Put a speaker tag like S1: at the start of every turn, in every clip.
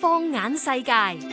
S1: 放眼世界。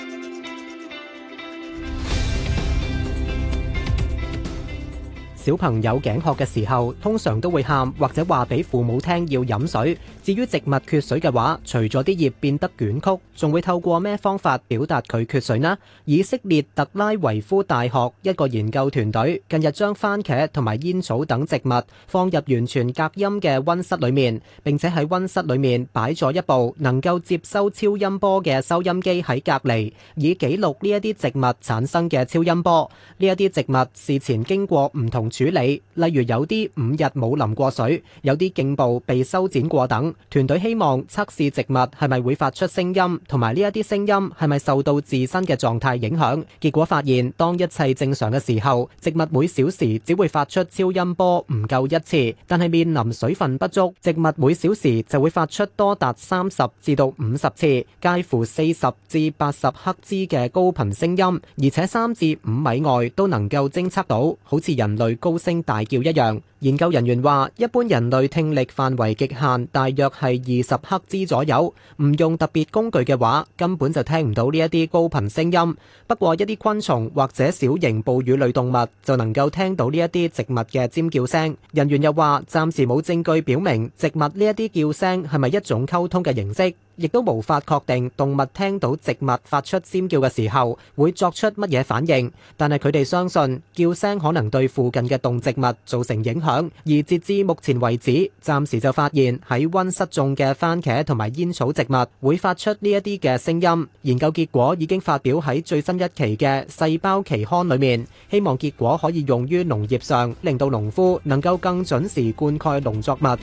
S1: 小朋友頸渴嘅時候，通常都會喊或者話俾父母聽要飲水。至於植物缺水嘅話，除咗啲葉變得捲曲，仲會透過咩方法表達佢缺水呢？以色列特拉維夫大學一個研究團隊近日將番茄同埋煙草等植物放入完全隔音嘅溫室裏面，並且喺溫室裏面擺咗一部能夠接收超音波嘅收音機喺隔離，以記錄呢一啲植物產生嘅超音波。呢一啲植物事前經過唔同處理，例如有啲五日冇淋過水，有啲莖部被修剪過等。團隊希望測試植物係咪會發出聲音，同埋呢一啲聲音係咪受到自身嘅狀態影響。結果發現，當一切正常嘅時候，植物每小時只會發出超音波唔夠一次，但係面臨水分不足，植物每小時就會發出多達三十至到五十次，介乎四十至八十赫茲嘅高頻聲音，而且三至五米外都能夠偵測到，好似人類，高聲大叫一樣，研究人員話：一般人類聽力範圍極限大約係二十赫茲左右，唔用特別工具嘅話，根本就聽唔到呢一啲高頻聲音。不過一啲昆蟲或者小型哺乳類動物就能夠聽到呢一啲植物嘅尖叫聲。人員又話：暫時冇證據表明植物呢一啲叫聲係咪一種溝通嘅形式。亦都無法確定動物聽到植物發出尖叫嘅時候會作出乜嘢反應，但係佢哋相信叫聲可能對附近嘅動植物造成影響。而截至目前為止，暫時就發現喺溫室種嘅番茄同埋煙草植物會發出呢一啲嘅聲音。研究結果已經發表喺最新一期嘅《細胞期刊》裏面，希望結果可以用於農業上，令到農夫能夠更準時灌溉農作物。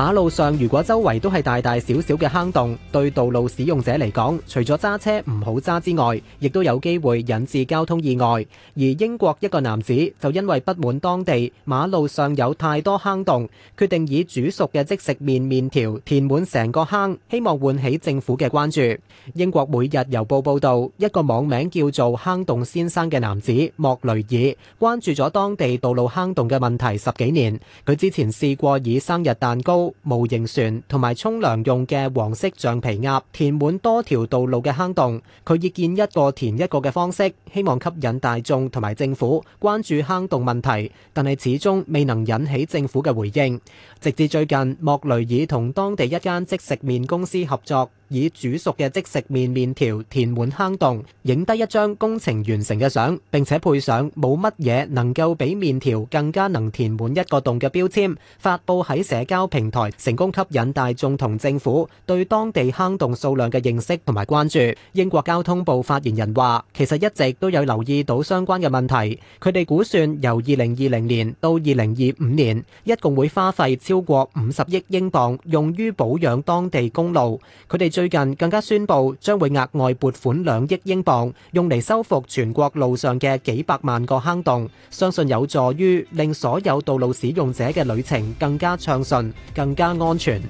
S1: 馬路上如果周圍都係大大小小嘅坑洞，對道路使用者嚟講，除咗揸車唔好揸之外，亦都有機會引致交通意外。而英國一個男子就因為不滿當地馬路上有太多坑洞，決定以煮熟嘅即食麵麵條填滿成個坑，希望喚起政府嘅關注。英國每日郵報報道，一個網名叫做坑洞先生嘅男子，莫雷爾，關注咗當地道路坑洞嘅問題十幾年，佢之前試過以生日蛋糕、模型船同埋沖涼用嘅黃色橡皮鴨填滿多條道路嘅坑洞，佢以見一個填一個嘅方式，希望吸引大眾同埋政府關注坑洞問題，但係始終未能引起政府嘅回應。直至最近，莫雷爾同當地一間即食麵公司合作。以煮熟嘅即食麵麵條填滿坑洞，影低一張工程完成嘅相，並且配上冇乜嘢能夠比麵條更加能填滿一個洞嘅標籤，發佈喺社交平台，成功吸引大眾同政府對當地坑洞數量嘅認識同埋關注。英國交通部發言人話，其實一直都有留意到相關嘅問題。佢哋估算，由最近更加宣布，將會額外撥款兩億英鎊，用嚟修復全國路上嘅幾百萬個坑洞，相信有助於令所有道路使用者嘅旅程更加暢順，更加安全。